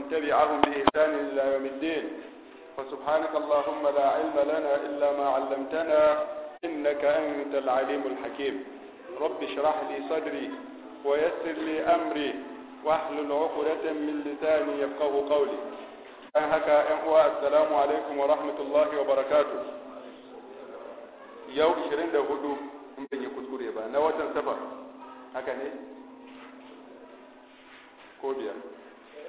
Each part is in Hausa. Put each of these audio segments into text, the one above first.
ومن تبعهم بإحسان إلى يوم الدين فسبحانك اللهم لا علم لنا إلا ما علمتنا إنك أنت العليم الحكيم رب اشرح لي صدري ويسر لي أمري واحلل عقدة من لساني يفقه قولي أهكا إخوة السلام عليكم ورحمة الله وبركاته يوم شرين ده هدو yi kuskure ba نواتا سفر هكا نيه ne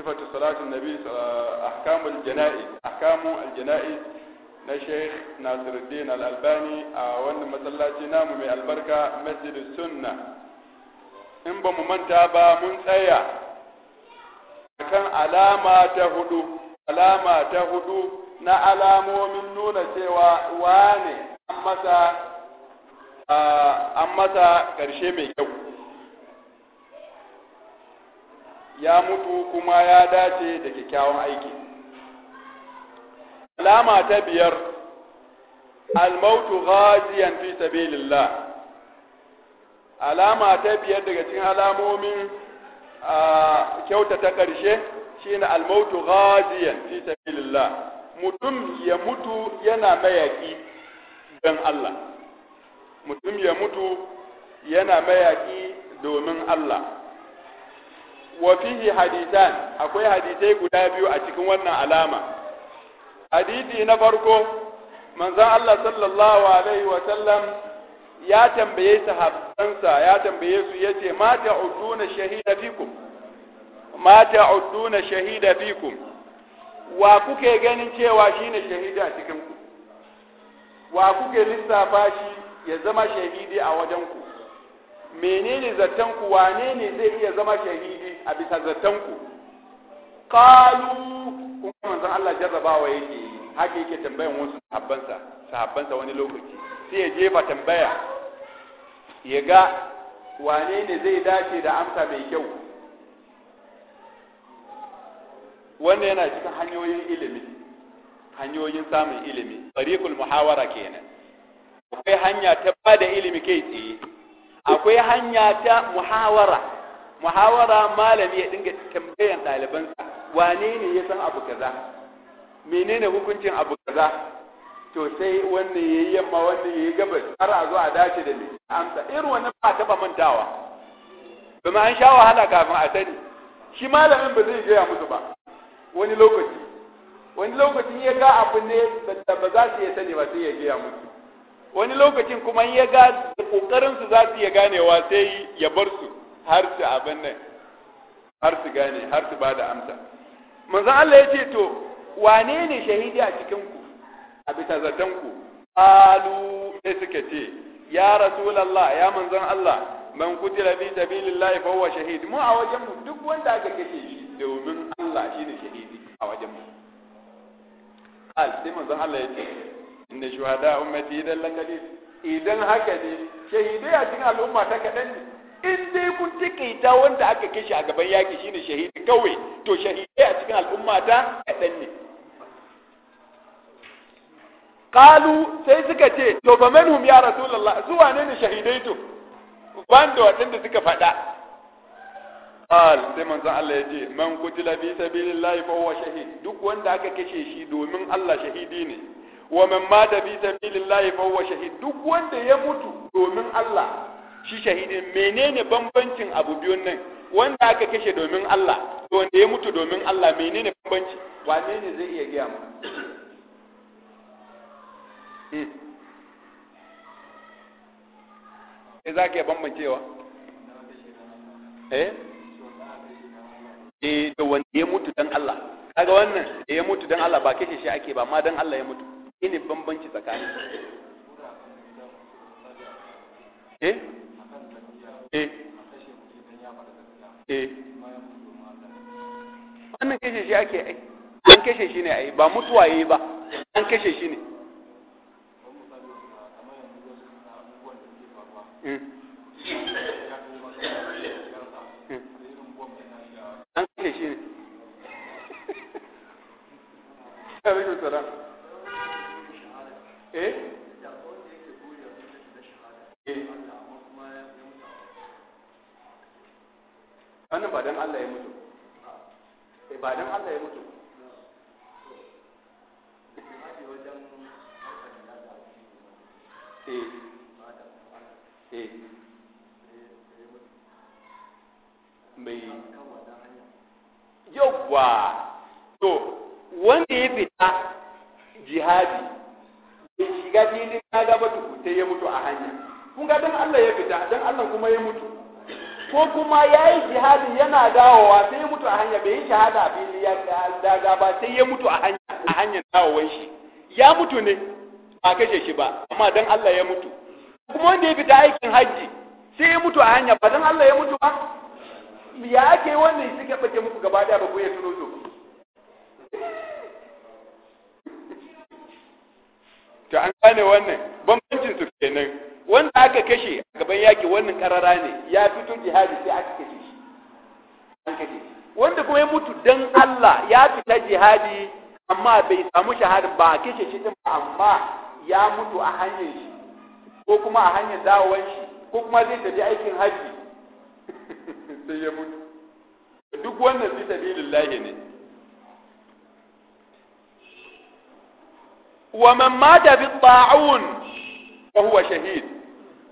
صفة صلاة النبي na sheikh nasiruddin al'albani a wannan masallaci namu mai albarka masjid sunna in ba mu manta ba mun tsaya kan alama ta hudu alama ta na alamomin nuna cewa wane ne masa an masa ƙarshe mai kyau ya mutu kuma ya dace da kyakkyawan aiki alama ta biyar almautu ghaziyan fi sabilillah alama ta biyar daga cikin alamomin kyautata ƙarshe shine almautu ghaziyan fi sabilillah mutum ya mutu yana mayaki don Allah mutum ya mutu yana mayaki domin Allah wa fihi hadisan akwai hadisai guda biyu a cikin wannan alama hadisi na farko manzon Allah sallallahu alaihi wa sallam ya tambaye sahabbansa ya tambaye su yace ma ta'uduna shahida fikum ma ta'uduna shahida fikum wa kuke ganin cewa shine shahida cikin ku wa kuke lissafa shi ya zama shahidi a wajen ku menene zaton ku wane ne zai iya zama shahidi a bisa zaton ku qalu kuma manzon Allah jarrabawa yake haka yake tambayan wasu sahabbansa sahabbansa wani lokaci sai ya jefa tambaya ya ga wane ne zai dace da amsa mai kyau wanda yana cikin hanyoyin ilimi hanyoyin samun ilimi tariqul muhawara kenan akwai hanya ta bada ilimi kai tsaye akwai hanya ta muhawara muhawara malami ya dinga tambayan ɗalibansa wane ne ya san abu kaza menene hukuncin abu kaza to sai wannan yayi yamma wannan yayi gabas har a zo a dace da ni amsa irin wannan ba taba mantawa ma an sha wahala kafin a sani shi malamin ba zai gaya musu ba wani lokaci wani lokacin ya ga abu ne ba za su iya sani ba sai ya gaya musu wani lokacin kuma ya ga kokarin su za su iya ganewa sai ya bar su har su abin nan har su gane har su bada amsa manzo Allah ya ce to wane ne shahidi a cikin ku a bisa zaton ku alu sai suka ce ya rasulullah ya manzon Allah man kutila bi sabilillahi fa huwa shahid mu a wajen mu duk wanda aka kace shi domin Allah shine shahidi a wajen mu al sai manzon Allah ya ce inda shuhada ummati idan lakali idan haka ne shahidai a cikin al'umma ta kaɗan ne in dai kun tikaita wanda aka kashe a gaban yaƙi shine shahidi kawai to shahidai a cikin al'umma ta kaɗan ne qalu sai suka ce to fa manhum ya rasulullah zuwa ne ne shahidai to banda waɗanda suka faɗa qal sai manzon Allah ya ce man kutila bi sabilillahi fa huwa shahid duk wanda aka kashe shi domin Allah shahidi ne wa man mata fi sabilillahi fa huwa shahid duk wanda ya mutu domin Allah shi shahidin menene bambancin abu biyun nan wanda aka kashe domin Allah da wanda ya mutu domin Allah menene bambanci wane ne zai iya gaya mu eh. eh za ka iya bambancewa eh eh da wanda ya mutu dan Allah kaga wannan da ya mutu dan Allah ba kashe shi ake ba ma dan Allah ya mutu ne bambanci tsakani eh eh eh wannan kashe shi ake ai an kashe shi ne ai ba mutuwa yayi ba an kashe shi ne hmm. Hmm. an kashe shi ne Eh? eh wannan ba don Allah ya mutu eh, ba Allah ya mutu eh. mai yawwa to wanda ya fita jihadi shiga filin daga ba tuku sai ya mutu a hanya kun ga dan Allah ya fita dan Allah kuma ya mutu ko kuma ya yi jihadi yana dawowa sai ya mutu a hanya bai yi shahada a Da ga ba sai ya mutu a hanya a hanyar dawowar shi ya mutu ne ba kashe shi ba amma dan Allah ya mutu kuma wanda ya fita aikin hajji sai ya mutu a hanya ba dan Allah ya mutu ba ya ake wannan suke bace muku gaba daya ba ku ya tuno to to an gane wannan bambancin su kenan wanda aka kashe a gaban yaki wannan karara ne ya fito jihadi sai aka kashe shi an kashe wanda kuma ya mutu dan Allah ya fita jihadi amma bai samu shahadin ba kashe shi din amma ya mutu a hanyar shi ko kuma a hanyar dawowar shi ko kuma zai tafi aikin haji sai ya mutu duk wannan fi lahi ne ومن مات mata bi ta'un wa huwa shahid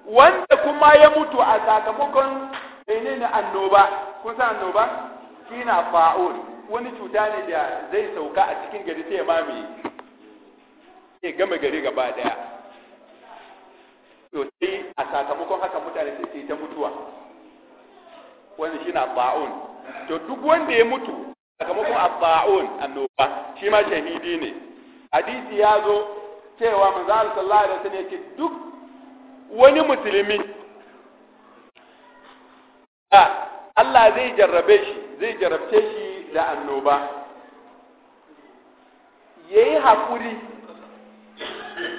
wanda kuma ya mutu a sakamakon النوبة annoba kun annoba wani cuta ne da zai sauka a cikin gari sai mami, sai gama gari gaba daya to sai a sakamakon haka mutane sai ta mutuwa shi na ba'un to duk wanda ya mutu sakamakon a abba'un annoba shi ma shahidi ne hadisi ya zo cewa manzo sallallahu alaihi wasallam yake duk wani musulmi Allah zai jarrabe shi zai jarrabce shi da annoba yayi hakuri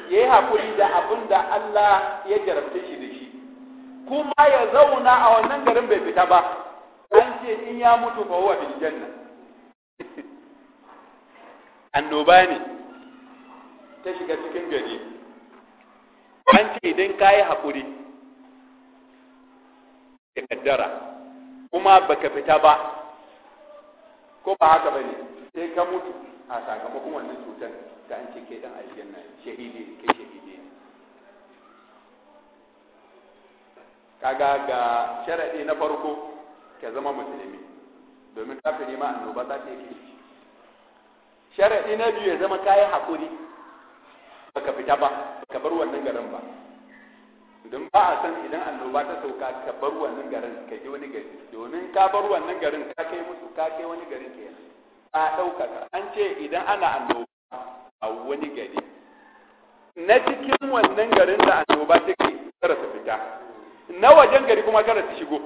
yayi hakuri da abin da Allah ya jarrabce shi da shi kuma ya zauna a wannan garin bai fita ba an ce in ya mutu fa wa bil janna annoba ne ta shiga cikin gari an ce idan ka yi haƙuri da kaddara kuma baka fita ba ko ba haka ba ne sai ka mutu a sakamakon wannan cutar ta an ce ke dan na shahidi ke shahidi kaga ga sharaɗi na farko ka zama musulmi domin kafiri ma annoba za ta yi sharaɗi na biyu ya zama kayan haƙuri ka fita ba ka bar wannan garin ba don ba a san idan annoba ta sauka ka bar wannan garin ka je wani gari domin ka bar wannan garin ka kai musu ka kai wani gari kenan ka ɗaukaka an ce idan ana annoba a wani gari na cikin wannan garin da annoba ke kara su fita na wajen gari kuma kara su shigo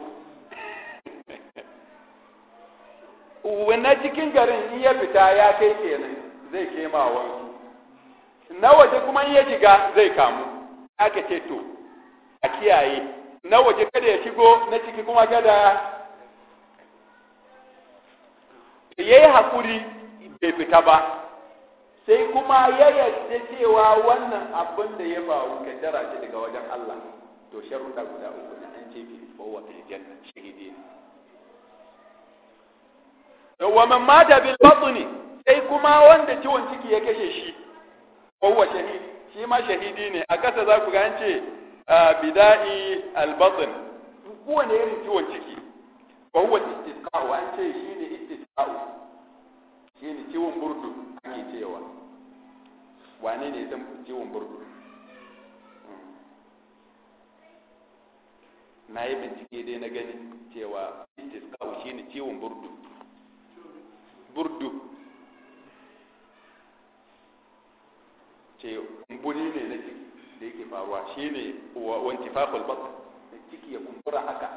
na cikin garin in ya fita ya kai kenan zai kema wani na waje kuma ya shiga zai kamu aka ce to a kiyaye na waje kada ya shigo na ciki kuma kada ya yi haƙuri bai fita ba sai kuma ya yarda cewa wannan abin da ya faru jara ce daga wajen Allah to da guda uku na an ce bi bawa shirye. shahidi wa man mata bil batni sai kuma wanda ciwon ciki ya kashe shi huwa shahidi shi ma shahidi ne a kasa za ku ga an bida'i albatin kowane irin ciwon ciki wa huwa istisqa'u an ce shine istisqa'u shine ciwon burdu ake cewa wane ne zan ciwon burdu na yi bincike dai na gani cewa istisqa'u shine ciwon burdu burdu ce kumburi ne na ciki da yake faruwa shine wantifaqul batn ciki ya kumbura haka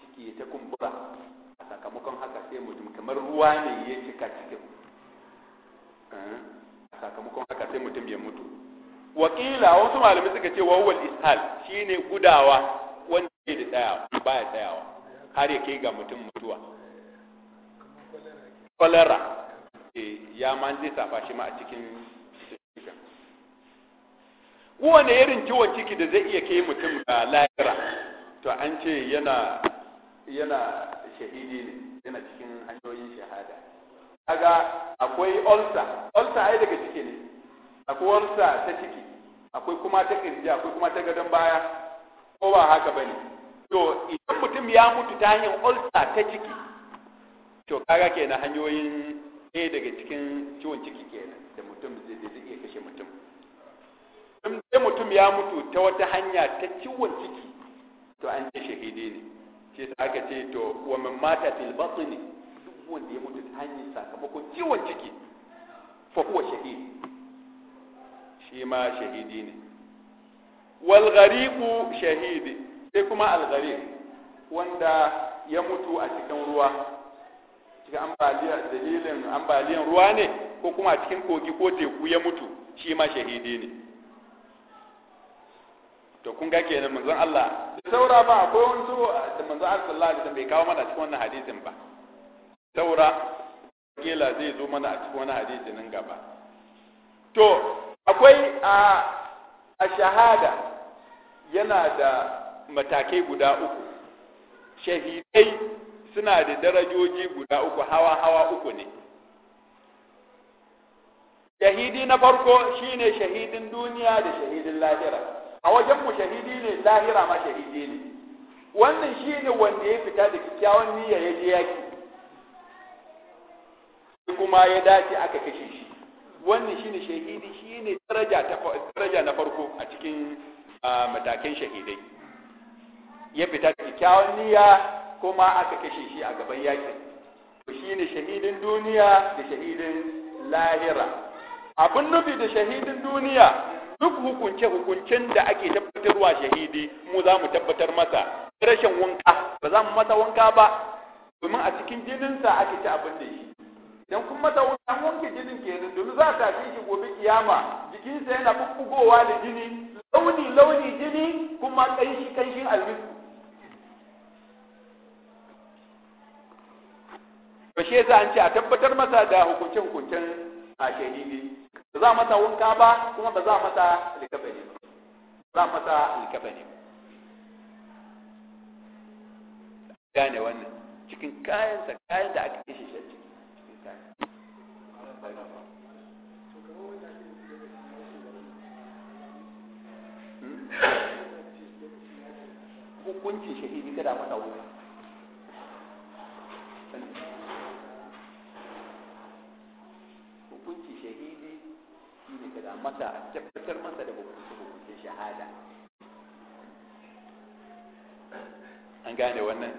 ciki ya ta kumbura a sakamakon haka sai mutum kamar ruwa ne ya cika cikin eh? a sakamakon haka sai mutum ya mutu wakila wasu malamai suka ce wawwal ishal shine gudawa wanda ke da tsaya baya tsayawa har ya kai ga mutum mutuwa kwalara eh, ya ma zai safa shi ma a cikin wane irin ciwon ciki da zai iya kai mutum ga lahira to an ce yana yana shahidi ne yana cikin hanyoyin shahada kaga akwai ulcer ulcer ai daga ciki ne akwai ulcer ta ciki akwai kuma ta kirji akwai kuma ta gadon baya ko ba haka bane to idan mutum ya mutu ta hanyar ulcer ta ciki to kaga kenan hanyoyin ɗaya daga cikin ciwon ciki kenan da mutum zai in mutum ya mutu ta wata hanya ta ciwon ciki to an ce shahidi ne shi sa aka ce to wa man mata fil batni duk wanda ya mutu ta hanyar sakamakon ciwon ciki fa huwa shahidi shi ma shahidi ne wal ghariqu shahidi sai kuma al ghariq wanda ya mutu a cikin ruwa cikin ambaliya dalilin ambaliyan ruwa ne ko kuma a cikin kogi ko teku ya mutu shi ma shahidi ne to kun ga kenan manzon Allah da saura ba ko wani da manzon Allah sallallahu alaihi wasallam bai kawo mana cikin wannan hadisin ba saura gela zai zo mana a cikin wani hadisi nan gaba to akwai a a shahada yana da matakai guda uku shahidai suna da darajoji guda uku hawa hawa uku ne shahidi na farko shine shahidin duniya da shahidin lahira a wajen mu shahidi ne lahira ma shahidi ne wannan ne wanda ya fita da kyakkyawan niyya ya je yaki kuma ya dace aka kashe shi wannan shi ne shahidi shi ne daraja na farko a cikin matakin shahidai ya fita da kyakkyawan niyya kuma aka kashe shi a gaban yakin to ne shahidin duniya da shahidin lahira abun nufi da shahidin duniya duk hukunce hukuncin da ake tabbatarwa shahidi mu za mu tabbatar masa rashin wanka ba za mu masa wanka ba domin a cikin jininsa ake ci abin da yi idan kun masa wanka an wanke jinin kenan domin za ta fi shi gobe kiyama jikinsa yana bubbugowa da jini launi launi jini kuma kanshi kanshin almisu to shi yasa an ce a tabbatar masa da hukuncin hukuncen a shahidi ba za mata wanka ba kuma ba za mata likafani ba za mata likafani ba gane wannan cikin kayan sa kayan da aka kishi shi cikin kayan hmm? hukuncin shahidi kada mata wanka gane wannan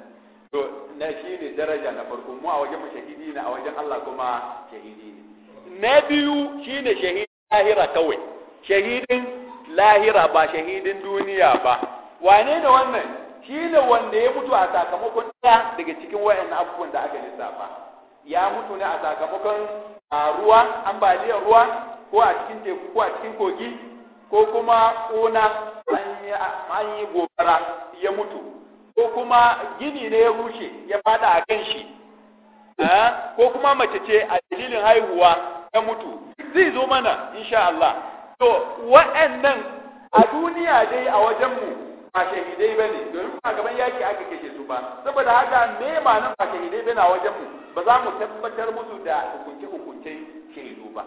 to na shi ne daraja na farko mu a wajen mu shahidi ne a wajen Allah kuma shahidi ne na biyu shine shahidi lahira kawai shahidin lahira ba shahidin duniya ba wane ne wannan shine wanda ya mutu a sakamakon ɗaya daga cikin wayannan abubuwan da aka lissafa ya mutu ne a sakamakon ruwa ambaliyar ruwa ko a cikin teku ko a cikin kogi ko kuma kona an yi gobara ya mutu ko kuma gini ne ya rushe ya fada a kan shi ko kuma mace ce a dalilin haihuwa ya mutu zai zo mana insha Allah to waɗannan a duniya dai a wajenmu ba shahidai ba ne domin ba gaban yaki aka kashe su ba saboda haka me nan ba shahidai ba ne a wajenmu ba za mu tabbatar musu da hukunce-hukuncen shahidu ba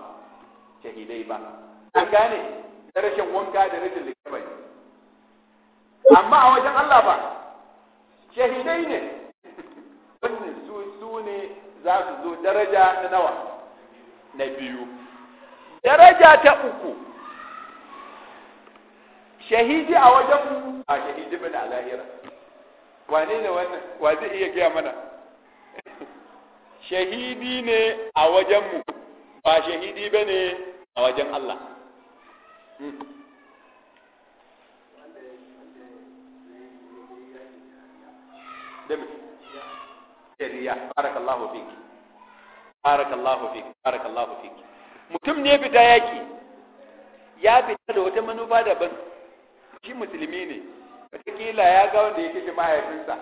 shahidai ba an gane da rashin wanka da rashin likabai amma a wajen Allah ba shahidai ne wannan su ne za su zo daraja na nawa na biyu daraja ta uku shahidi a wajen a shahidi bin alahira wane ne wannan wa zai iya gaya mana shahidi ne a wajenmu ba shahidi ba ne a wajen Allah hmm. dami shari'a barakallahu fiki barakallahu fiki barakallahu fiki mutum ne fita yaki ya fita da wata manufa daban shi musulmi ne wataƙila ya ga wanda ya kashe mahaifinsa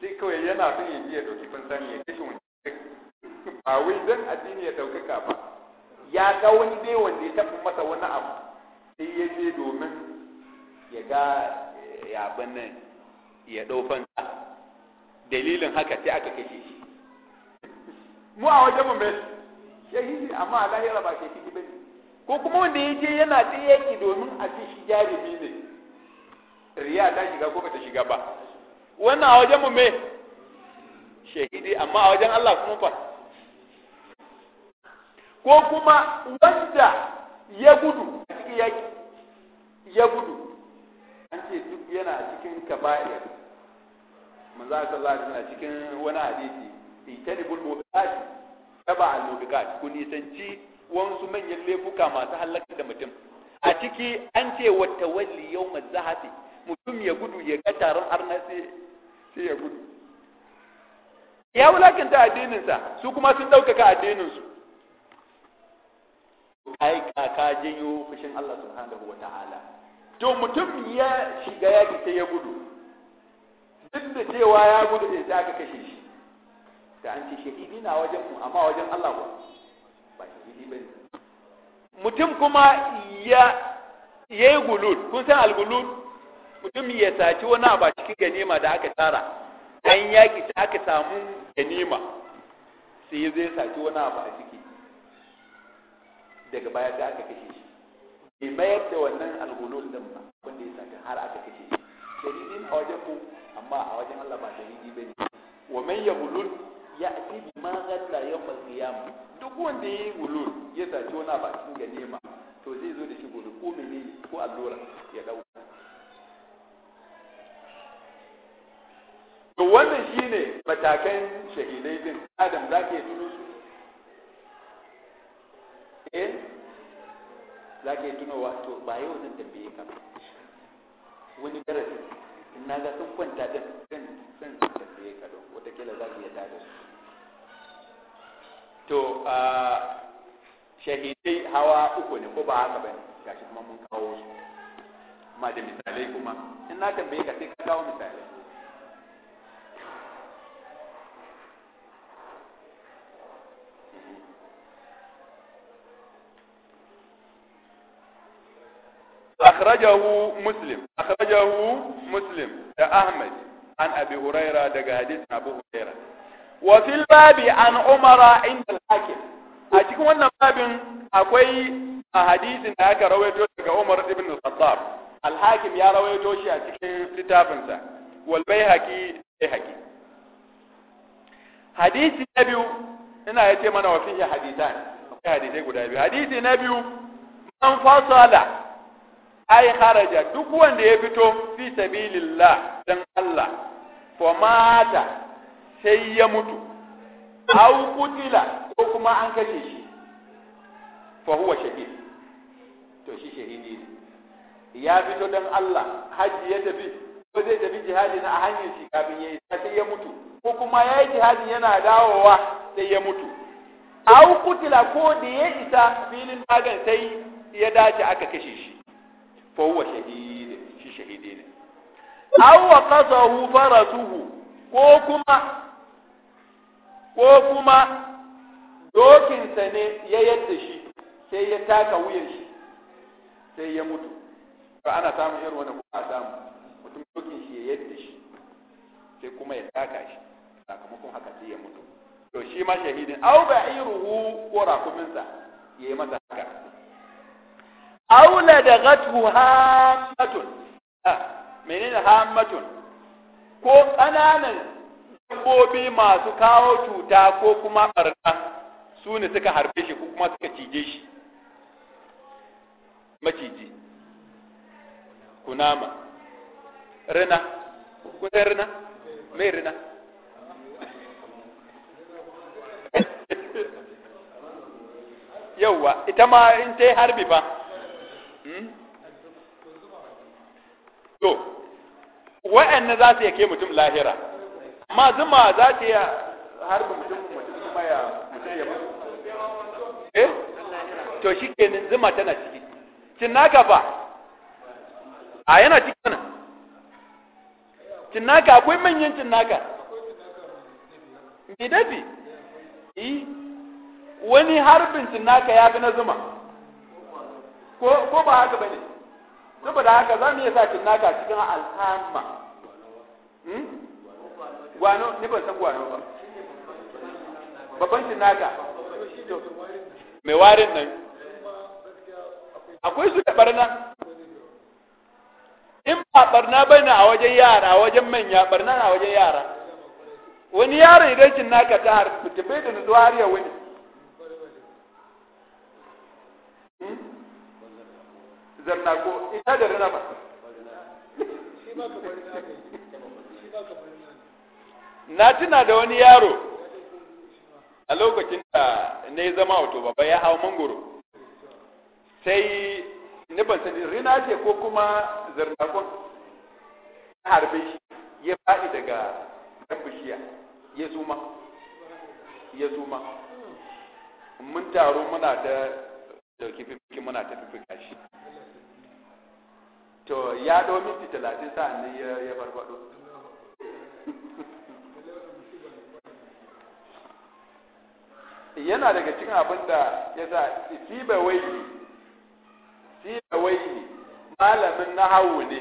sai kawai yana son ya biya doki kun sani ya kashe wani ba wai zan addini ya ɗaukaka ba ya ga wani dai wanda ya tafi masa wani abu sai ya je domin ya ga eh, ya nan ya ɗaufan ta dalilin haka sai aka kashe shi mu a wajen mu bai shahidi amma a lahira ba shahidi ba ne ko kuma wanda ya je yana ta yaki domin a ci shi jarumi ne riya ta shiga ko bata shiga ba wannan a wajen mu me shahidi amma a wajen Allah kuma fa ko kuma wanda ya gudu a cikin yaki ya gudu an ce duk yana cikin kaba'ir manzo sallallahu alaihi cikin wani hadisi itanibul mubiqat taba al mubiqat ku nisanci wasu manyan laifuka masu halakar da mutum a ciki an ce wa tawalli yawmaz zahati mutum ya gudu ya ga taron arna sai ya gudu ya wulakanta addininsa su kuma sun ɗaukaka addininsu kai ka janyo fushin Allah subhanahu wa ta'ala to mutum ya shiga yaki sai ya gudu duk da cewa ya gudu da sai aka kashe shi da an ce shahidi na wajen mu amma wajen Allah ba ba shahidi ba mutum kuma ya yayi gulul kun san algulul mutum ya saci wani a cikin ganima da aka tara an yaki ta aka samu ganima sai zai saci wani abu a ciki daga baya da aka kashe shi bai mayar da wannan algulul din ba wanda ya saci har aka kashe shi shahidin a wajen mu ba a wajen Allah ba da yi bane wa man yaghlul ya'ti ma ghalla yawm al qiyam duk wanda yayi gulul ya tace wani ba cikin ganima to zai zo da shi gobe ko menene ko allura ya dauka to wannan shine matakan shahidai din adam za yi tuno su eh za ka yi tunowa to ba yau zan tabbaye ka wani darasi in na ga sun kwanta din sun sun su ka don watakila za su iya tada su to a shahidai hawa uku ne ko ba haka ba ne gashi kuma mun kawo su ma da misalai kuma in na tambaye ka sai ka kawo misalai akhrajahu muslim muslim da ahmad an abi huraira daga hadisin abu huraira wa fil babi an umara inda al a cikin wannan babin akwai a hadisin da aka rawaito daga Umar ibn al-Khattab al-Hakim ya rawaito shi a cikin littafinsa wal Baihaqi Baihaqi hadisi na biyu ina mana wa fihi hadisan akwai guda biyu hadisi na biyu man fasala ai kharaja duk wanda ya fito fi sabilillah dan Allah fa mata sai ya mutu au kutila ko kuma an kace shi fa huwa shahid to shi shahidi ne ya fito dan Allah haji ya tafi ko zai tafi jihadi na a hanyar shi kafin yayi sai ya mutu ko kuma yayi jihadi yana dawowa sai ya mutu au kutila ko da ya isa filin magan sai ya dace aka kashe shi fa huwa shi shahidi ne aw waqazahu farasuhu ko kuma ko kuma dokinsa ne ya yadda shi sai ya taka wuyan shi sai ya mutu ba ana samun irin wani kuma samu mutum dokin shi ya yadda shi sai kuma ya taka shi sakamakon haka sai ya mutu to shi ma shahidin au ba'iruhu ko rakuminsa ya yi masa haka aula da gatu hamatun menene hamatun ko ƙananan dabbobi masu kawo cuta ko kuma ɓarna su ne suka harbe shi ko kuma suka cije shi maciji kunama rina kusan rina mai rina yauwa ita ma in ta yi harbi ba Hmm? to wa'annan za su yake mutum lahira amma zuma za ta yi harbin mutum mutum maya mutum ya mutum eh to shi kenan zuma tana ciki cinnaka fa a yana ciki nan cinnaka akwai manyan cinnaka dafi? wani harbin cinnaka ya fi na zuma ko ba haka bane saboda haka za mu iya sa cinnaka cikin alhamma hmm? gwano ni ban san gwano ba babban cinnaka mai warin nan akwai su da barna in ba barna ne a wajen yara a wajen manya barna na wajen yara wani yaro idan cinnaka ta har tafi da nutsuwa har ya wani zanna ko ita da rana ba na tuna da wani yaro a lokacin da na zama wato babba ya hau mangoro sai ni ban sani rina ce ko kuma zarnakon harbe shi ya faɗi daga kan bishiya ya zuma ya zuma mun taro muna da dauki fifiki muna ta fifika shi to ya ɗau minti talatin sa'an nan ya farfaɗo yana daga cikin abin da ya sa siba waili siba waili malamin nahawu ne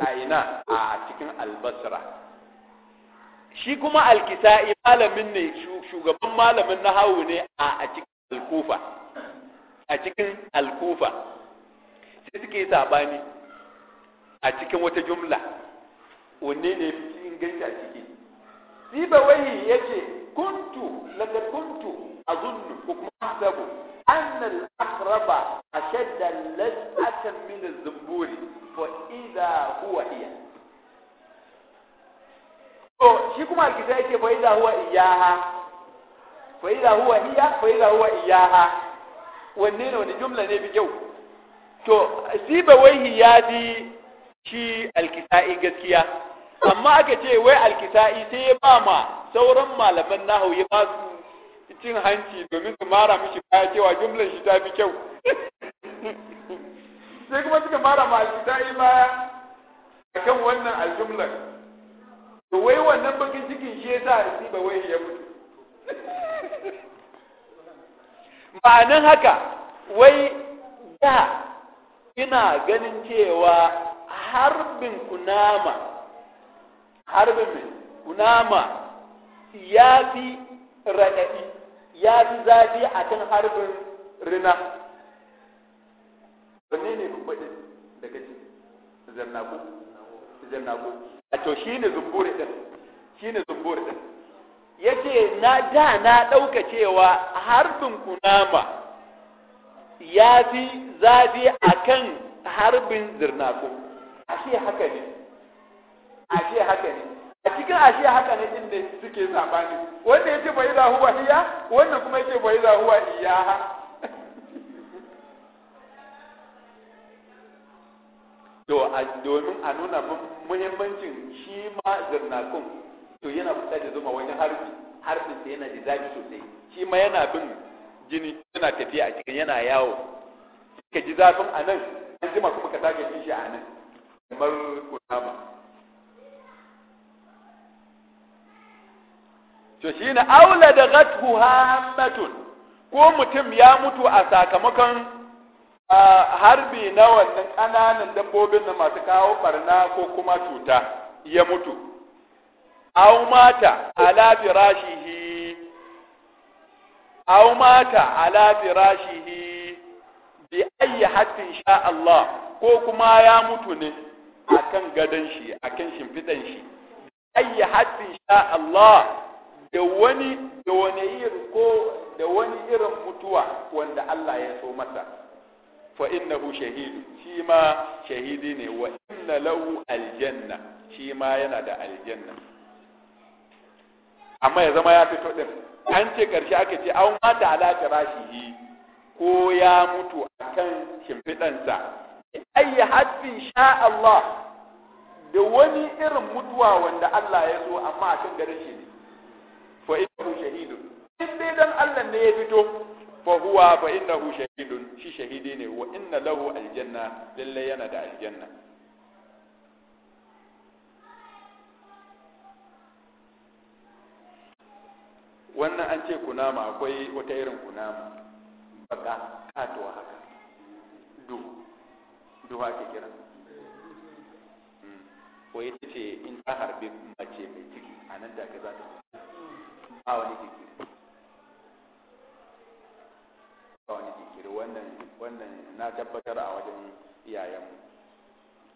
a ina a cikin albasra shi kuma alkisa'i malamin ne shugaban malamin nahawu ne a cikin alkufa a cikin alkufa sai suke sabani a cikin wata jumla wanne ne fi inganci a wai sibawai ya ce kuntu laga kuntu a zunnu ko kuma ahsabu anna al-aqraba ashadda lazatan min az-zumburi fa idha huwa iya. to shi kuma kisa yake fa idha huwa iyaha fa idha huwa iya fa idha huwa iyaha wanne ne wani jumla ne bi kyau to sibawai ya di shi alkisa'i gaskiya amma aka ce wai alkisa'i sai ya ba ma sauran malaman nahu ya ba su cin hanci domin su mara mishi baya cewa jumlar shi ta fi kyau sai kuma suka mara ma alkisa'i baya akan wannan aljumlar to wai wannan bakin cikin shi ya sa ba wai ya mutu ma'anin haka wai da ina ganin cewa harbin kunama harbin kunama ya fi raɗaɗi ya fi zafi a kan harbin rina wanne ne kubbaɗi daga ci zarnaku zarnaku a to shi ne zumburi ɗin shi ne zumburi ɗin ya ce na da na ɗauka cewa harbin kunama ya fi zafi a kan harbin zirnakun ashe haka ne ashe haka ne a cikin ashe haka ne inda suke sabani wanda yake bai za huwa hiya wanda kuma yake bai za huwa iyaha to a domin a nuna muhimmancin shi ma zirnakun to yana fita da zuma wani harfi harfin sa yana da zafi sosai shi ma yana bin jini yana tafiya a cikin yana yawo ka ji zafin a nan an jima kuma ka sake shi a nan kamar kunama to ne aula da gathu hammatun ko mutum ya mutu a sakamakon harbi na wannan ƙananan dabbobin da masu kawo barna ko kuma cuta ya mutu au mata ala firashihi au mata ala firashihi bi ayyi hatin sha Allah ko kuma ya mutu ne akan gadon shi akan shimfidan shi ayi haddin sha Allah da wani da wani irin ko da wani irin mutuwa wanda Allah ya so masa fa innahu shahidu shi ma shahidi ne wa inna lahu aljanna shi ma yana da aljanna amma ya zama ya fito din an ce karshe aka ce an mata alaka rashihi ko ya mutu akan shimfidansa ayi hadfin sha Allah da wani irin mutuwa wanda Allah ya so amma a kan gare shi ne fa innahu shahidun dan Allah ne ya fito fa huwa fa innahu shi shahidi ne wa inna lahu aljanna lalle yana da aljanna wannan an ce kunama akwai wata irin kunama baka katuwa haka duhu duwa ke kira ko ita ce in ta harbe mace mai ciki a nan da ka za ta ba wani jikiri ba wani jikiri wannan na tabbatar a wajen iyayenmu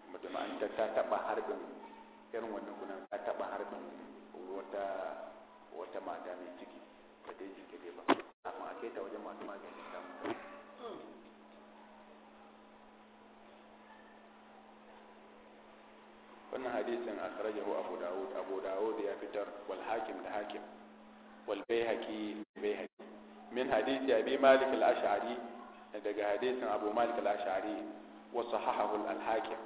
mutum an ta taba harbin irin wannan gunan ta taba harbin wata wata mata mai ciki ba ta jikiri ba amma a kai ta wajen masu magani wannan hadisin akhrajahu abu daud abu daud ya fitar wal hakim da hakim wal bayhaqi bayhaqi min hadisi abi malik al ash'ari daga hadisin abu malik al ash'ari wa sahahahu al hakim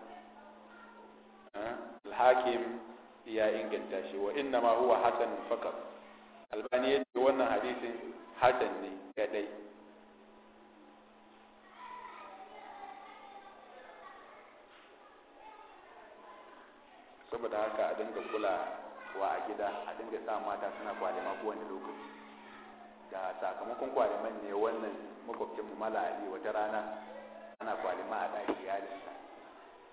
al hakim ya inganta shi wa inna ma huwa hasan fakat albani yace wannan hadisin hasan ne kadai saboda haka a dinga kula wa a gida a dinga sa mata suna kwalema kowane lokaci da sakamakon kwaliman ne wannan makwabcin mu mala ali wata rana ana kwalima a ɗaki yarinsa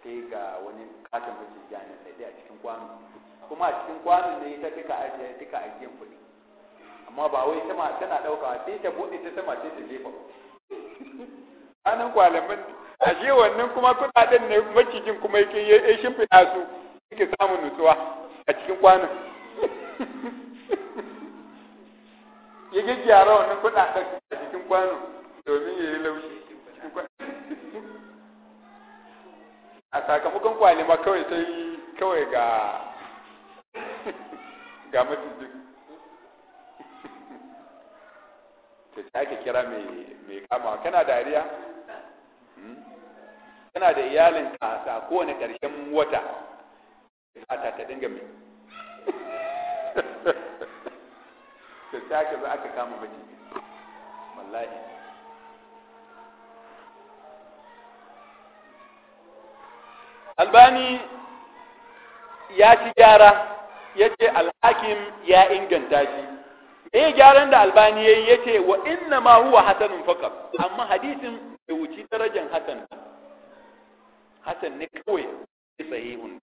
sai ga wani katon mace jani sai a cikin kwano kuma a cikin kwano ne ta tuka ajiye a ajiyen kuɗi amma ba wai sama tana ɗaukawa sai ta buɗe ta sama sai ta jefa kwanan kwaleman a wannan kuma kuɗaɗen ne macijin kuma yake ya shimfiɗa su yake samun nutsuwa a cikin kwanan ya gyaggyara wannan kudaden a cikin kwanan domin ya yi laushi a sakamakon kwalima kawai sai kawai ga ga matijin ta ake kira mai kama kana dariya hmm? kana da iyalinka a kowane ƙarshen wata fata ta ta dinga mai to ta ka za aka kama maciji wallahi albani ya ci gyara ya ce alhakim ya inganta shi me gyaran da albani ya yi ya ce wa inna ma huwa hasanun fakar amma hadisin bai wuci darajar hasan hasan ne kawai sahihun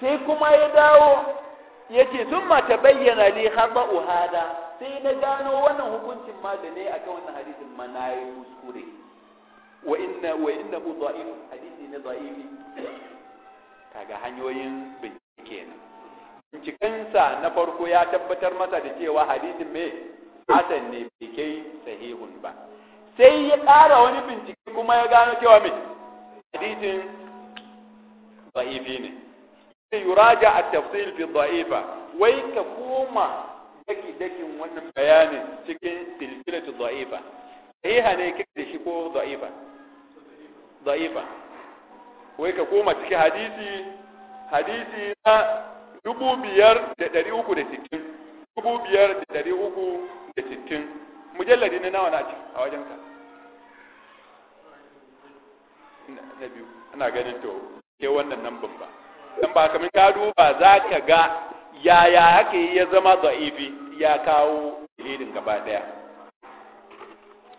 sai kuma ya dawo ya ce sun mata bayyana ne haɓa uhada sai na gano wannan hukuncin ma da ne a kan wannan hadisin ma na yi kuskure wa inna wa inna bu da'if hadisi na da'ifi kaga hanyoyin bincike ne bincikensa na farko ya tabbatar masa da cewa hadisin mai hasan ne bai kai sahihun ba sai ya ƙara wani bincike kuma ya gano cewa mai hadisin za'ifi ne yuraja a tafsil fi dha'ifa wai ka koma daki dakin wannan bayanin cikin silsilatu dha'ifa sahiha ne kike da shi ko dha'ifa dha'ifa wai ka koma cikin hadisi hadisi na dubu biyar da dari uku da sittin dubu biyar da dari uku da sittin mujalladi na nawa na a wajen ka na biyu ana ganin to ke wannan nan ba in ba kamin ka duba za ka ga yaya haka ya zama za'ifi ya kawo dalilin gaba daya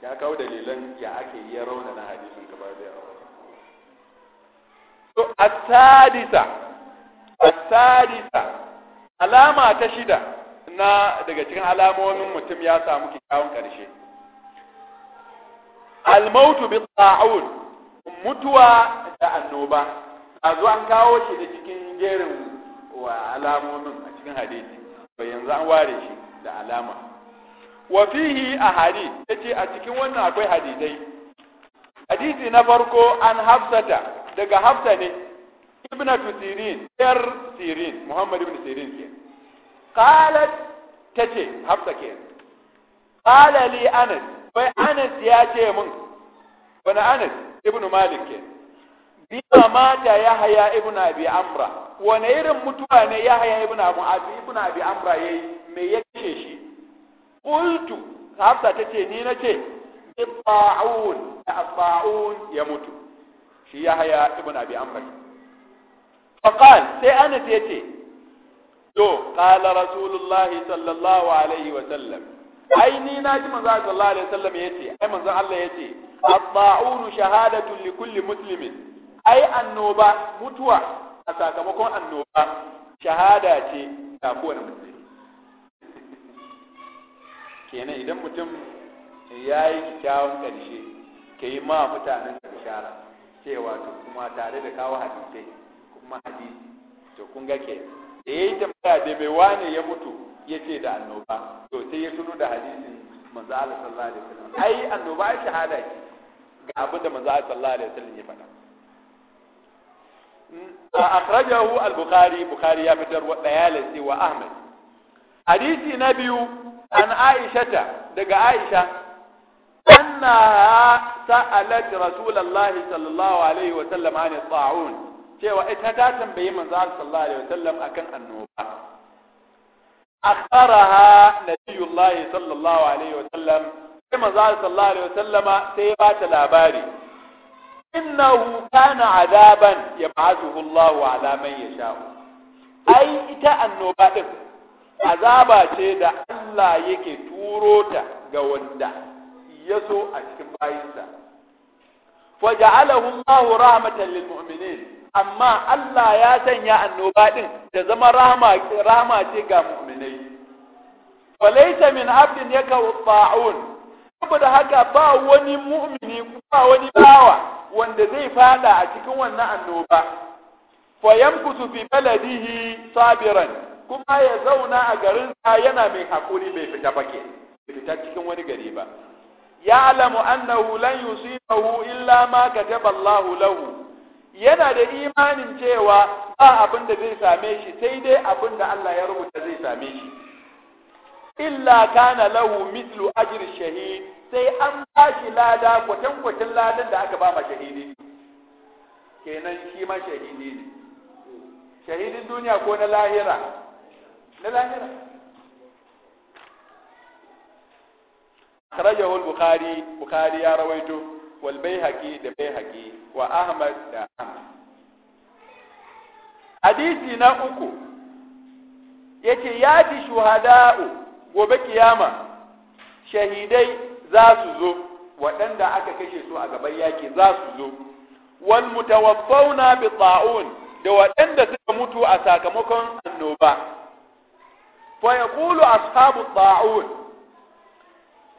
ya kawo dalilan ya ake ya rauna na hadisin gaba daya to asadisa asadisa alama ta shida na daga cikin alamomin mutum ya samu kyakkyawan karshe almautu bi ta'un mutuwa da annoba a zo an kawo shi da cikin jerin wa alamomin a cikin hadisi ba yanzu an ware shi da alama wa fihi ahadi ce a cikin wannan akwai hadisai hadisi na farko an hafsata daga hafsa ne ibnatu tusirin yar sirin muhammad ibn sirin ke qalat tace hafsa ke qala li anas bai anas ya ce mun wani anas ibn malik ke bima mata haya ibn abi amra wani irin mutuwa ne haya ibn abu abi ibn abi amra yayi me ya kashe shi qultu hafsa tace ni nace ibba'un ibba'un ya mutu shi haya ibn abi amra faqal sai anas yace to qala rasulullah sallallahu alaihi wa sallam ai ni na ji manzo sallallahu alaihi wasallam yace ai manzo Allah yace ce. taunu shahadatu li kulli ai annoba mutuwa a sakamakon annoba shahada ce ga kowane mutum kenan idan mutum ya yi kyakkyawan ƙarshe ka yi ma mutanen da bishara cewa to kuma tare da kawo hadisai kuma hadisi to kun ga ke da ya yi tambaya da bai wane ya mutu ya ce da annoba to sai ya tuno da hadisin manzo Allah sallallahu alaihi wasallam ai annoba shahada ce ga abin da manzo Allah sallallahu alaihi wasallam ya faɗa akhrajahu al-bukhari bukhari ya fitar wa dayalisi wa ahmad hadisi na biyu an aishata daga aisha annaha sa'alat rasulullah sallallahu alaihi wa sallam cewa ita ta tambayi manzo sallallahu alaihi wa sallam akan annoba akhbaraha nabiyullah sallallahu alaihi wa sai sallallahu alaihi wa sai ba ta labari innahu kana azaban yab'athuhu Allahu ala man yasha'u ai ita annoba din azaba ce da Allah yake turo ta ga wanda so a cikin bayinsa fa ja'alahu rahmatan lil mu'minin amma Allah ya sanya annoba din zama rahma rahma ce ga mu'minai fa laysa min abdin yakau saboda haka ba wani mu'mini ba wani bawa wanda zai fada a cikin wannan annoba fa yamkutu fi baladihi sabiran kuma ya zauna a garin yana mai hakuri bai fita bake fita cikin wani gari ba ya'lamu annahu lan yusibahu illa ma kataba Allahu lahu yana da imanin cewa ba abin da zai same shi sai dai abin da Allah ya rubuta zai same shi illa kana lahu mithlu ajri shahid sai an ba shi lada kwatankwacin ladan da aka ba ma shahidi kenan shi ma shahidi ne shahidin duniya ko na lahira na lahira akhrajahu al-bukhari bukhari ya rawaito wal baihaqi da baihaqi wa ahmad da ahmad hadisi na uku yace yati shuhada'u gobe kiyama shahidai za su zo waɗanda aka kashe su a gaban yaki za su zo wal mutawaffauna bi ta'un da waɗanda suka mutu a sakamakon annoba fa yaqulu ashabu ta'un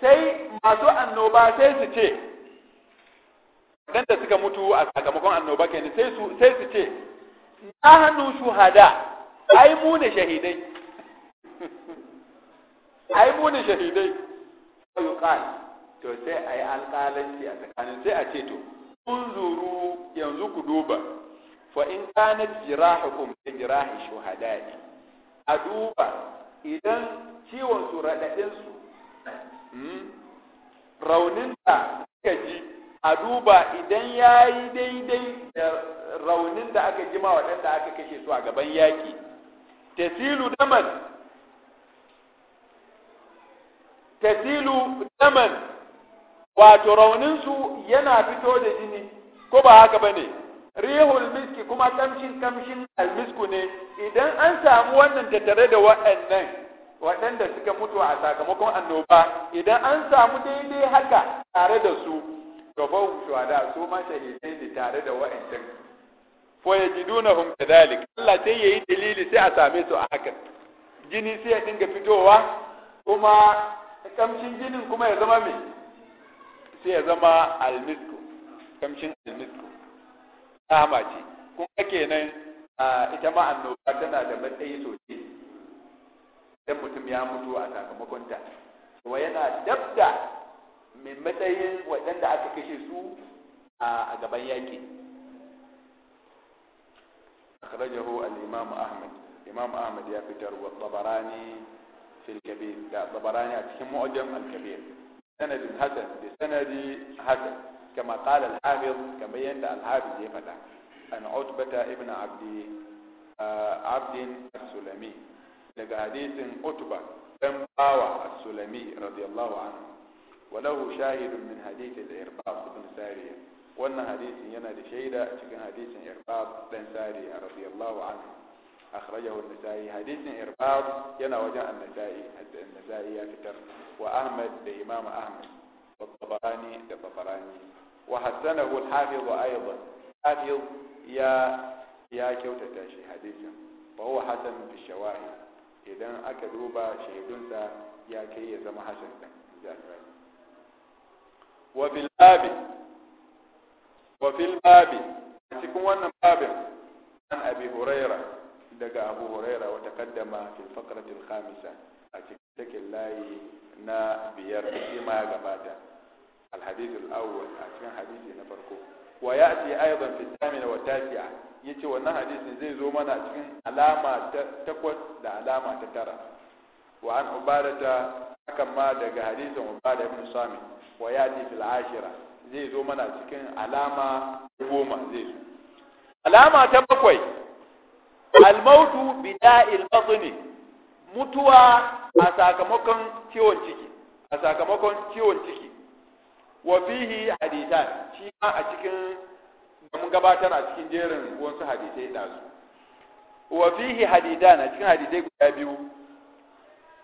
sai masu annoba sai su ce waɗanda suka mutu a sakamakon annoba kenan sai su sai su ce nahnu shuhada ai mu ne shahidai ai mu ne shahidai yuqal to sai a yi alƙalanci a tsakanin sai a ce to unzuru yanzu ku duba fa in kanat jirahukum bi jirahi shuhada'i a duba idan ciwon su radadin su hmm, raunin da ka ji a duba idan yayi daidai da raunin da aka jima waɗanda aka kashe su a gaban yaƙi tasilu daman tasilu daman wato su yana fito da jini ko ba haka ba ne rihul miski kuma kamshin kamshin almisku ne idan an samu wannan da tare da waɗannan waɗanda suka mutu a sakamakon annoba idan an samu daidai haka tare da su to fa shuhada su ma shahidai ne tare da waɗancan fa yajidunahum kadhalik Allah sai yayi dalili sai a same su a haka jini sai ya dinga fitowa kuma kamshin jinin kuma ya zama me sai ya zama almisko kamshin almisko ta ce kuma kenan ita ma annoba tana da matsayi sosai idan mutum ya mutu a sakamakon ta kuma yana dabda mai matsayin waɗanda aka kashe su a gaban yaƙi أخرجه الإمام أحمد ahmad أحمد ahmad ya fitar wa في الكبير كطبراني أتكلم مؤجم الكبير سند حسن بسند حسن كما قال الحافظ كما يند الحافظ يفتع أن عتبة ابن عبد آه، عبد السلمي لقى حديث عتبة كم باوى السلمي رضي الله عنه وله شاهد من حديث الإرباط بن ساريه وأن حديث ينادي شيدا كان حديث إرباط بن ساريه رضي الله عنه أخرجه النسائي حديث إرباب ينا وجاء النسائي النسائي يفتر وأحمد لإمام أحمد والطبراني للطبراني وحسنه الحافظ أيضا حافظ يا يا كوتة شي حديثا فهو حسن في الشواهد إذا أكدوبا شهدون يا كي يزم حسن وفي الباب وفي الباب تكون باب عن أبي هريرة daga abu huraira wata kaddama fil fakratil khamisa a cikin layi na biyar shi ma gabata al hadithul a cikin hadisi na farko wa ya'ti aidan fi thamina wa tasi'a yace wannan hadisin zai zo mana cikin alama ta takwas da alama ta tara wa an ubadata hakan daga hadisin ubada ibn sami zai zo mana cikin alama zai alama ta bakwai almautu bida'il batni mutuwa a sakamakon ciwon ciki a sakamakon ciwon ciki wa fihi hadithan shi ma a cikin mun gabatar a cikin jerin wasu hadisai da su wa fihi hadithan a cikin hadisai guda biyu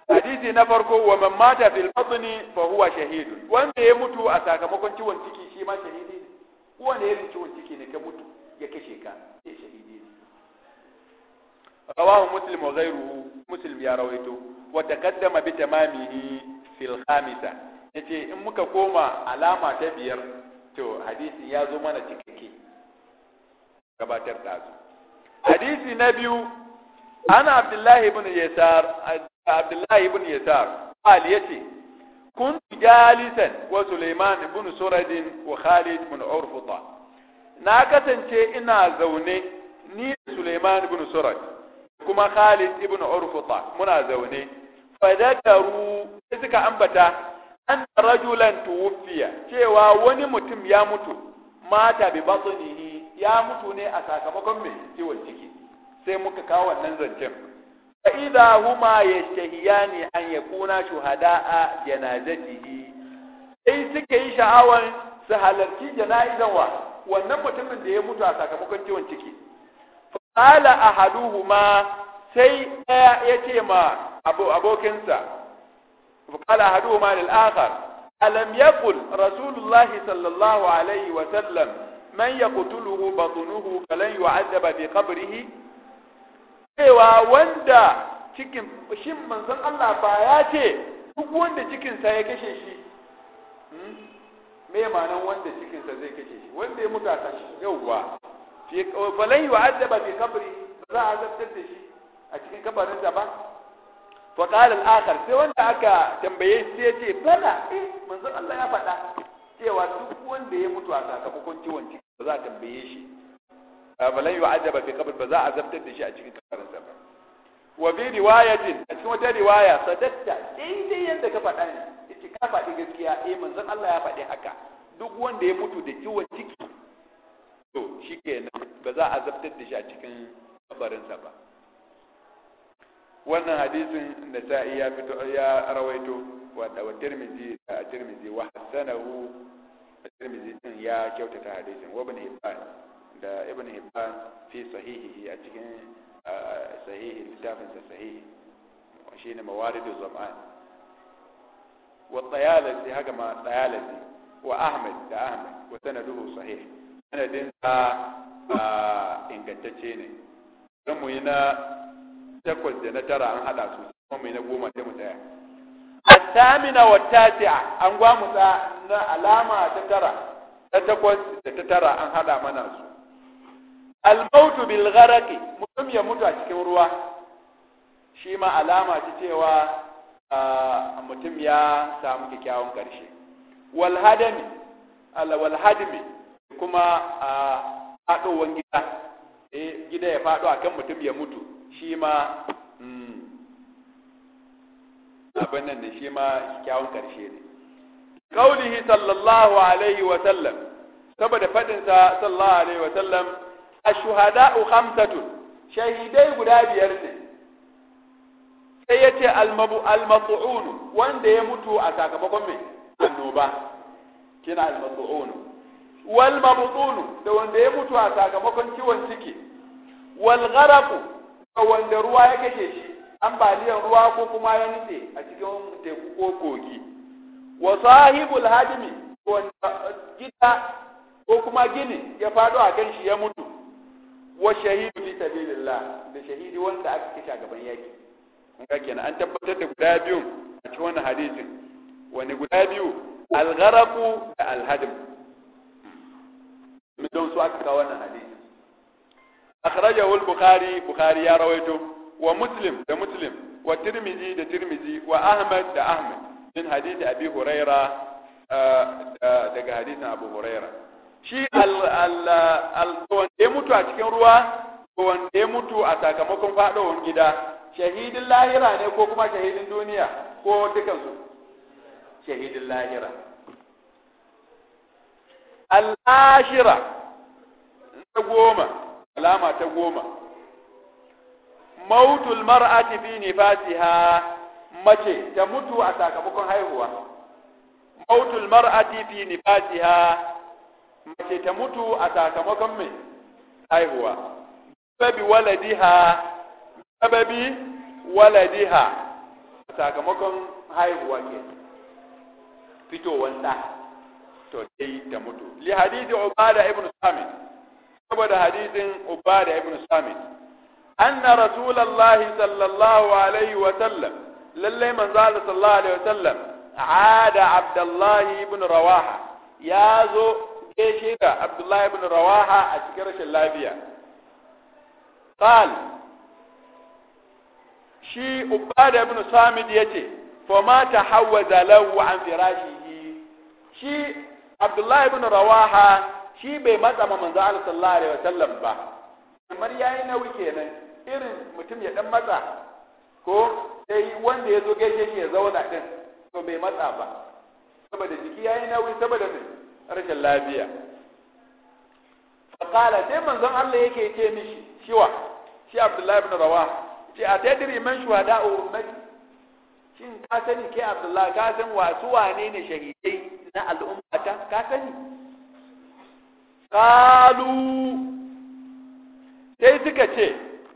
hadisi na farko wa man mata fil batni fa huwa shahidun wanda ya mutu a sakamakon ciwon ciki shi ma shahidi ne wanda ya ciwon ciki ne ka mutu ya kashe ka shahidi rawahu muslim wa ghayruhu muslim ya rawaito wa taqaddama bi tamamihi fil khamisa yace in muka koma alama ta biyar to hadisin ya zo mana cikakke hadisi na biyu ana abdullahi ibn yasar abdullahi yasar yace كنت جالسا وسليمان بن سرد وخالد بن عرفطة ناكسن شيء إنا زوني ني سليمان بن سرد kuma Khalid ibn Urfuta muna zaune fadakaru sai suka ambata an rajulan tuwfiya cewa wani mutum ya mutu mata bi batnihi ya mutu ne a sakamakon mai ciwon ciki sai muka kawo wannan zancen fa idha huma yashtahiyani an yakuna shuhada'a janazatihi sai suka yi sha'awan su halarci jana'izan wa wannan mutumin da ya mutu a sakamakon ciwon ciki qala ahaduhuma sai ɗaya ya ce ma abokinsa qala ahaduhuma lil akhar alam yaqul rasulullah sallallahu alaihi wa sallam man yaqtuluhu batnuhu falan yu'adhaba bi qabrihi cewa wanda cikin shin manzon Allah ba ya ce duk wanda cikinsa ya kashe shi hmm? me ma'anan wanda cikinsa zai kashe shi wanda ya mutu a yauwa falai wa azaba fi kabri za a azabtar da shi a cikin ta ba fa qala al-akhar sai wanda aka tambaye shi sai ce bala eh manzon Allah ya faɗa cewa duk wanda ya mutu a sakamakon ciwon ciki ba za a tambaye shi falai wa azaba fi kabri ba za a azabtar da shi a cikin ta ba wa bi riwayatin a cikin wata riwaya sadatta daidai yadda ka faɗa ne yace ka faɗi gaskiya eh manzon Allah ya faɗi haka duk wanda ya mutu da ciwon ciki to shi kenan ba za a zabtar da shi a cikin kabarinsa ba wannan hadisin da sa'i ya fito ya rawaito wa wa tirmizi da tirmizi wa hasanahu tirmizi din ya kyautata hadisin wa ibn hibban da ibn hibban fi sahihihi a cikin sahihi littafin sa sahihi shine mawaridu zaman wa tayalisi haka ma tayalisi wa ahmad da ahmad wa sanaduhu sahih sanadin sa a ah, ingantacce ne don mu yi na takwas da na tara an hada su kuma mu yi na goma ta mu tsaya A tamina wa at-tasi'a an gwa mu na alama ta tara ta takwas da ta tara an hada mana su al-maut bil gharq mutum ya mutu a cikin ruwa shi ma alama ce cewa ah, mutum ya samu kyakkyawan karshe wal ala wal hadami kuma a faɗowan gida eh, gida ya faɗo kan mutum ya mutu shi ma mm, abin nan da shi ma kyawun ƙarshe ne ƙaunihi sallallahu alaihi wa sallam saboda faɗinsa sallallahu alaihi wa sallam shuhada'u hamsatu shahidai guda biyar ne sai ya ce almasu'unu wanda ya mutu a sakamakon mai annoba kina almasu'unu wal mabtulu da wanda ya mutu a sakamakon ciwon ciki wal gharaqu da wanda ruwa ya kashe shi ambaliyar ruwa ko kuma ya nutse a cikin teku ko kogi wa sahibul hadimi wanda gida ko kuma gini ya fado a kan shi ya mutu wa shahidu fi sabilillah da shahidi wanda aka kashe gaban yaki kun ga kenan an tabbatar da guda biyu a cikin wannan hadisin wani guda biyu al da al don su aka kawo wannan hadisi akhrajahu al-bukhari bukhari ya rawaito wa muslim da muslim wa tirmidhi da tirmidhi wa ahmad da ahmad min hadisi abi huraira eh, eh, daga hadisin abu huraira shi al wanda mutu a cikin ruwa wanda ya mutu a sakamakon fadowar gida shahidin lahira ne ko kuma shahidin duniya ko dukansu shahidin lahira al-ashira na goma alama ta goma mautul mar'ati fi nifasiha mace ta mutu a sakamakon haihuwa mautul mar'ati fi nifasiha mace ta mutu a sakamakon mai haihuwa sababi waladiha sababi waladiha sakamakon haihuwa ke fitowar ɗa to dai ta mutu li hadisi ubada ibn samit saboda hadisin Ubada ibn Samit anna rasulullahi sallallahu alaihi wa sallam lalle manzo Allah sallallahu alaihi wa sallam ada Abdullah ibn Rawaha ya zo gaishe da Abdullah ibn Rawaha a cikin rashin lafiya qal shi Ubada ibn Samit yace fa ma tahawwaza lahu an firashihi shi Abdullah ibn Rawaha shi bai matsa ma manzo Allah sallallahu alaihi wasallam ba kamar yayi nauyi kenan irin mutum ya dan matsa ko sai wanda ya zo gaishe shi ya zauna din to bai matsa ba saboda jiki yayi nauyi saboda rashin lafiya faqala sai manzon Allah yake ce mishi shiwa shi Abdullahi ibn Rawah ce a tadri man shuhada'u ummati shin ka sani ke Abdullahi ka san wasu wane ne shahidai na al'ummata ka sani qalu sai suka ce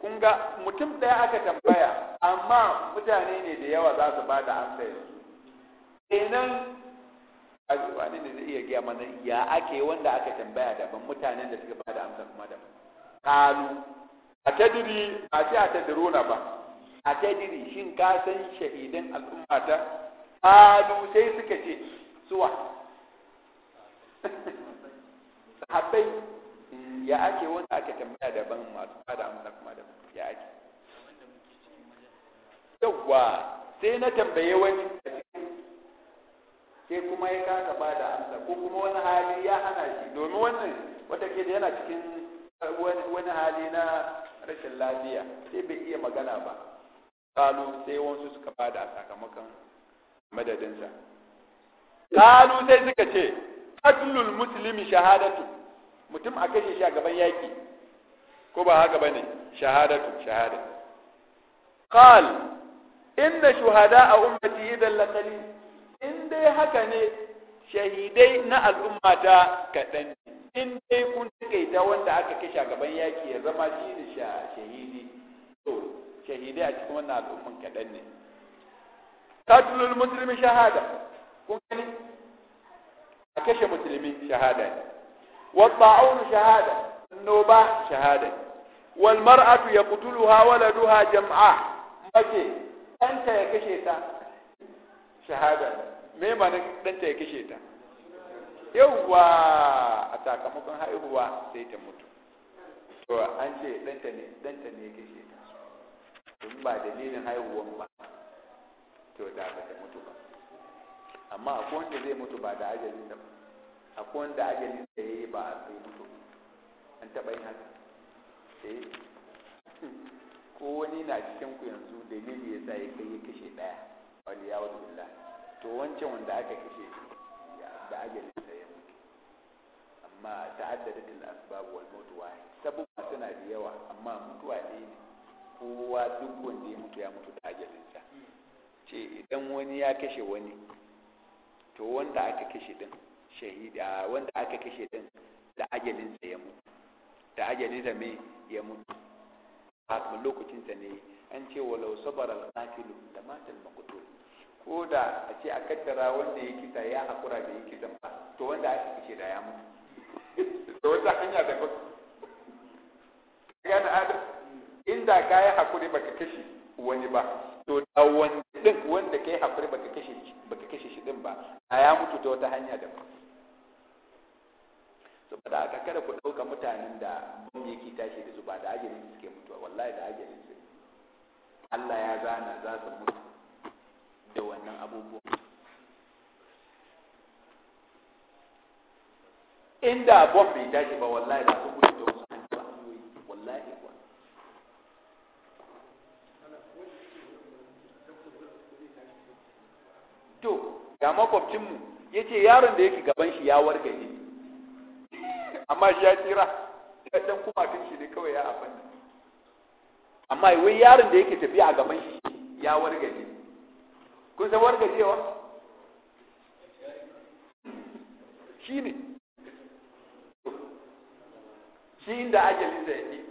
kun ga mutum ɗaya aka tambaya amma mutane ne da yawa za su ba da amsa yanzu kenan a wani ne zai iya gaya mana ya ake wanda aka tambaya daban mutanen da suka ba da amsa kuma daban qalu a tadiri ba ce a na ba a tadiri shin ka san shahidan ta qalu sai suka ce suwa sahabbai ya ake wanda aka tambaya daban masu bada amsa kuma daban ya ake yawwa sai na tambaye wani cikin sai kuma ya kasa bada amsa ko kuma wani hali ya hana shi domin wannan wata ke da yana cikin wani hali na rashin lafiya sai bai iya magana ba kalu sai wasu suka bada sakamakon madadinsa kalu sai suka ce qatlul muslimi shahadatu mutum a kashe shi a gaban yaƙi ko ba haka bane shahadatu shahada qal inna shuhada a ummati idan laqali in dai haka ne shahidai na al'umma ta kaɗan in dai kun takaita wanda aka kashe a gaban yaƙi ya zama shi ne shahidi to shahidai a cikin wannan al'umman kaɗan ne katulul musulmi shahada kun gani a kashe musulmi shahada ne والطاعون شهادة النوبة شهادة والمرأة يقتلها ولدها جمعاء مكي أنت يا كشيتا شهادة ميما أنت يا كشيتا يوا أتاكمكم هاي هو سيتموت to an ce ɗanta ne ɗanta ne yake ce ba dalilin haihuwan ba to da ba ta mutu ba amma akwai wanda zai mutu ba da ajalin ba akwai wanda a ajali da ya yi ba a sai mutu an taɓa yin haka eh ko wani na cikin ku yanzu da dalili ya sa ya kai ya kashe ɗaya wani ya wadu billah to wancan wanda aka kashe da a ajali da ya mutu amma ta ta'addadat da asbab wal mutuwa wahid sabuwa suna da yawa amma mutuwa ɗaya ne kowa duk wanda ya mutu ya mutu da ajalinsa hmm. ce idan wani ya kashe wani to wanda aka kashe din shahida wanda aka kashe din da ajalinsa ya mutu da ajalinsa me ya mutu a lokacinsa ne an ce walau sabara al-qatilu da matal maqtul ko da a ce a kaddara wanda ya kisa ya hakura da ya kisan ba to wanda aka kashe da ya mutu to wata hanya da ya da adam inda ka yi hakuri baka kashe wani ba to da wanda din wanda kai hakuri baka kashe baka kashe shi din ba a ya mutu ta wata hanya da ba saboda aka kada ku ɗauka mutanen da bom yake tashi da su ba da ajalin suke mutuwa wallahi da ajalin su Allah ya zana za su mutu da wannan abubuwan inda bom bai tashi ba wallahi da su mutu da wasu hannuwa wallahi ba to ga makwabcinmu ya ce yaron da yake gaban shi ya wargaje amma shi ya tsira dan kuma kan shi ne kawai ya abin amma wai yaron da yake tafiya a gaban shi ya wargaje kun san wargajewa shi ne shi inda ajalin zai yi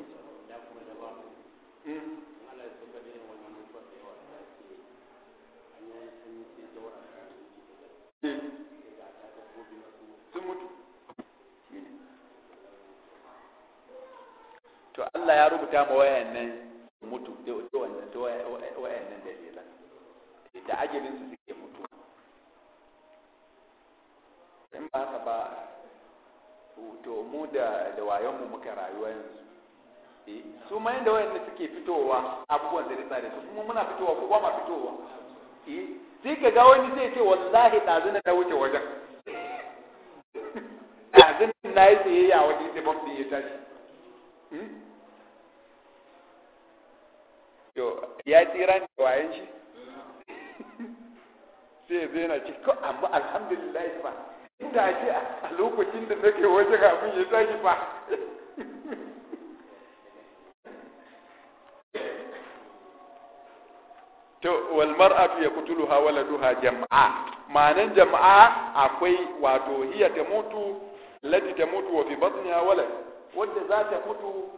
Allah ya rubuta ma nan mutu da wannan da wayan nan da ajalin su suke mutu in ba ka ba to mu da da wayan mu muka rayuwa yanzu eh, su ma yanda nan suke fitowa abubuwan da risa da su kuma muna fitowa ko ba ma fitowa eh sai ka ga wani zai ce wallahi dazu na ta wuce wajen dazun na yi tsayayya wajen da bambi ya tashi hmm? to ya tsira ne wayan shi sai zai na ce ko amma alhamdulillah ba inda ake a lokacin da nake waje kafin ya tashi ba to wal mar'atu yaqtuluha waladuha jam'a ma'anan jam'a akwai wato hiya ta mutu lati mutu wa fi batniha walad wanda za ta mutu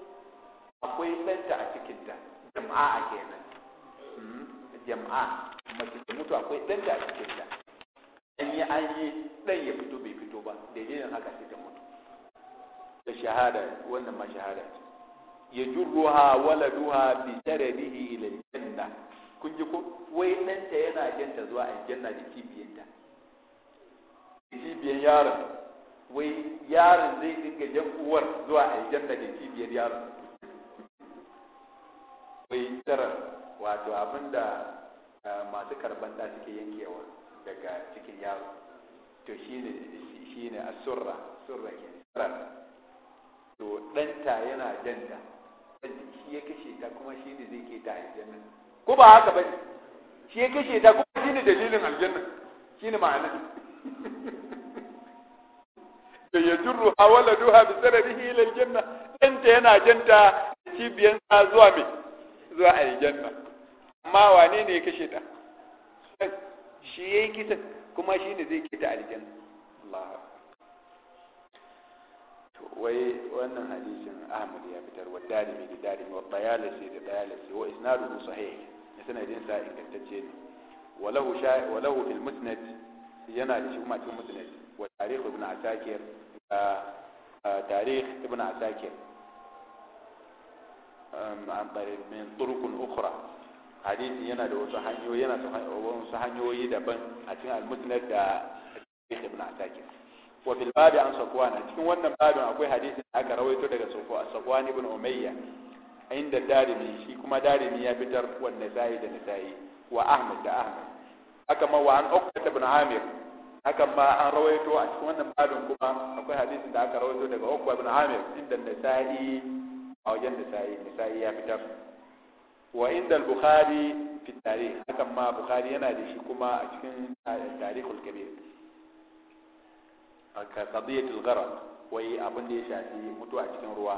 akwai ɗanta a cikinta jama'a kenan hmm? jama'a mace ta mutu akwai dan da a da an yi an yi dan ya fito bai fito ba yin haka sai ta mutu da shahada wannan ma shahada ce ya jurruha waladuha bi taradihi ila janna kun ji ko wai ta yana janta zuwa aljanna da ta kibiyan yaron wai yaron zai dinga jan uwar zuwa aljanna da kibiyar yaron akwai tsarar wato abin da eh, masu karban da suke yankewa daga cikin yaro to shine shine asurra surra ke tsarar to ɗanta yana danta shi ya kashe ta kuma shi ne zai ke ta aljanna ko ba haka ba shi ya kashe ta kuma shi ne dalilin aljanna shi ne ma'anar da ya jirru hawala duha bi sararihi ila aljanna ɗanta yana janta cibiyansa zuwa mai zuwa aljanna amma wane ne ya kashe ta shi ya yi kisa kuma shi ne zai kita aljanna Allah to wai wannan hadisin Ahmad ya fitar wa dalimi da dalimi wa bayalasi da bayalasi wa isnaduhu sahih da sanadin sa ingantacce ne walahu walahu fil musnad yana da shi kuma cikin musnad wa tarikh ibn asakir tarikh ibn asakir an tsare min turukun ukura hadisin yana da wasu hanyoyi yana wasu hanyoyi daban a cikin al-musnad da ibn atakir wa fil babi an safwan cikin wannan babin akwai hadisin da aka rawaito daga safwan ibn umayya inda darimi shi kuma darimi ya fitar wa nasai da nasai wa ahmad da ahmad haka ma wa an uqbat ibn amir haka ma an rawaito a cikin wannan babin kuma akwai hadisin da aka rawaito daga uqba ibn amir inda nasai أو جن نسائي نسائي يكتر وعند البخاري في التاريخ حكم ما بخاري أنا دي شكما أشكين التاريخ الكبير كقضية الغرض وي أبن دي شاتي متو أشكين روا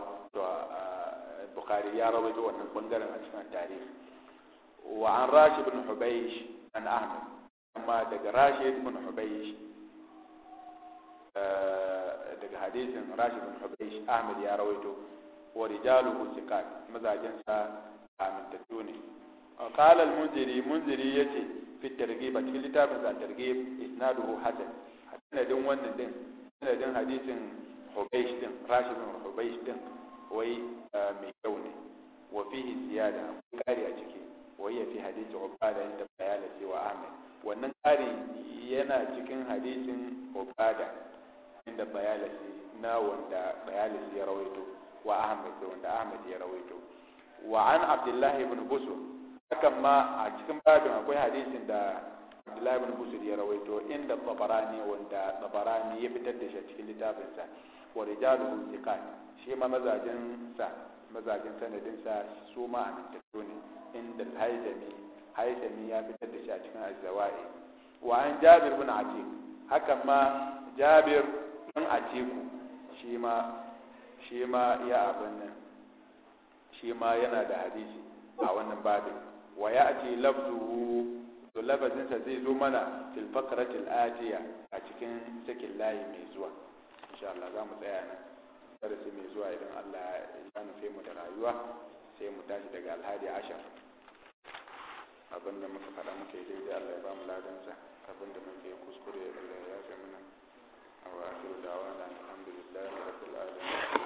البخاري آه، يا روي دو أنه بندر التاريخ وعن راشد بن حبيش عن أحمد أما دق راشد بن حبيش آه، دق حديث راشد بن حبيش أحمد يا رويته wa rijalu thiqat mazajen sa amintattu ne qala al-munziri munziri yace fi targhib cikin littafin sa targhib isnaduhu hasan sanadin wannan din sanadin hadisin hubaysh din rashid bin hubaysh din wai ah, mai kyau ne wa fihi ziyada kari a ciki wai ya fi hadisi ubada inda bayana cewa amin wannan kari yana cikin hadisin ubada inda bayalasi na wanda bayalasi ya rawaito wa Ahmad da wanda Ahmad ya rawaito wa an Abdullah ibn Busur hakan ma a cikin babin akwai hadisin da Abdullah ibn Busur ya rawaito inda Tabarani wanda Tabarani ya fitar da shi cikin littafinsa wa rijaluhu thiqat shi ma mazajin sa mazajin sanadin sa su ma amintattu ne inda Haizami Haizami ya fitar da shi a cikin Az-Zawai wa an Jabir ibn Atiq hakan ma Jabir ibn Atiq shi ma shi ma ya abin nan shi ma yana da hadisi a wannan babin wa ya ce lafzuhu to lafazinsa zai zo mana fil faqratil atiya a cikin cikin layi mai zuwa insha Allah za mu tsaya nan darasi mai zuwa idan Allah ya nufe mu da rayuwa sai mu tashi daga alhadi ashar abinda muka faɗa muka yi daidai Allah ya ba mu ladansa abinda muka yi kuskure Allah ya yafe mana wa akhiru da'wana alhamdulillahi rabbil alamin